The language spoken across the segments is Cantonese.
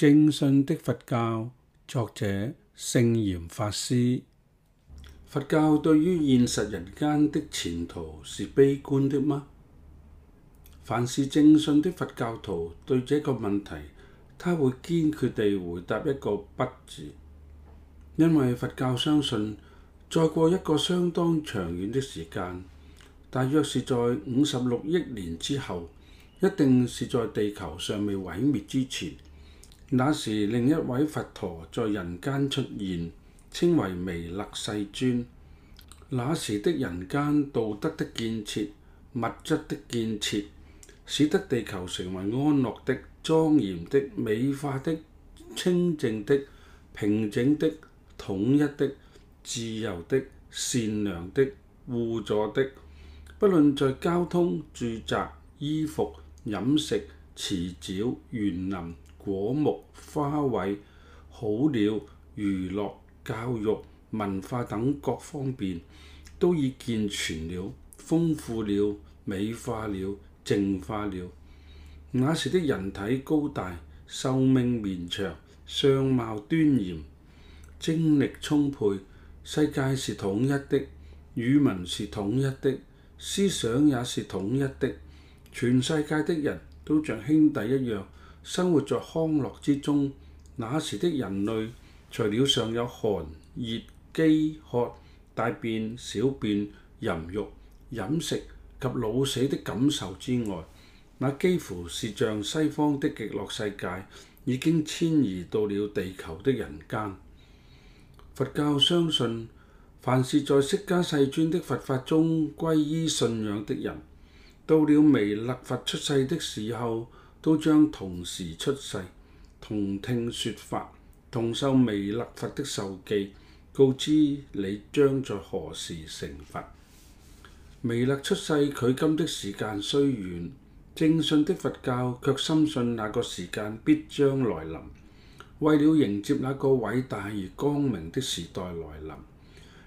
正信的佛教，作者聖嚴法師。佛教對於現實人間的前途是悲觀的嗎？凡是正信的佛教徒對這個問題，他會堅決地回答一個不字，因為佛教相信，再過一個相當長遠的時間，大約是在五十六億年之後，一定是在地球尚未毀滅之前。那時另一位佛陀在人間出現，稱為彌勒世尊。那時的人間道德的建設、物質的建設，使得地球成為安樂的、莊嚴的、美化的、清淨的、平整的、統一的、自由的、善良的、互助的。不論在交通、住宅、衣服、飲食、池沼、園林、果木、花卉，好了，娛樂、教育、文化等各方面都已健全了、豐富了、美化了、淨化了。那時的人體高大、壽命綿長，相貌端嚴，精力充沛，世界是統一的，語文是統一的，思想也是統一的，全世界的人都像兄弟一樣。生活在康樂之中，那時的人類，除了尚有寒熱、飢渴、大便、小便、淫欲、飲食及老死的感受之外，那幾乎是像西方的極樂世界，已經遷移到了地球的人間。佛教相信，凡是在釋迦世尊的佛法中皈依信仰的人，到了彌勒佛出世的時候，都將同時出世，同聽説法，同受彌勒佛的授記，告知你將在何時成佛。彌勒出世距今的時間雖遠，正信的佛教卻深信那個時間必將來臨。為了迎接那個偉大而光明的時代來臨，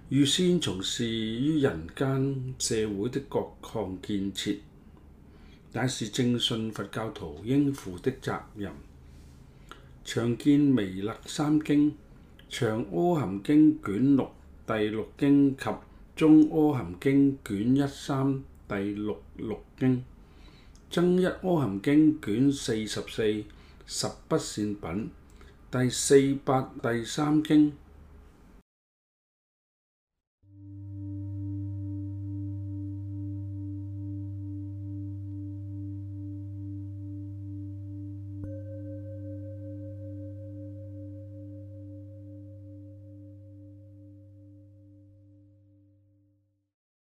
預先從事於人間社會的各項建設，乃是正信佛教徒應負的責任，常見《彌勒三經》《長阿含經》卷六第六經及《中阿含經》卷一三第六六經，《增一阿含經》卷四十四十不善品第四八第三經。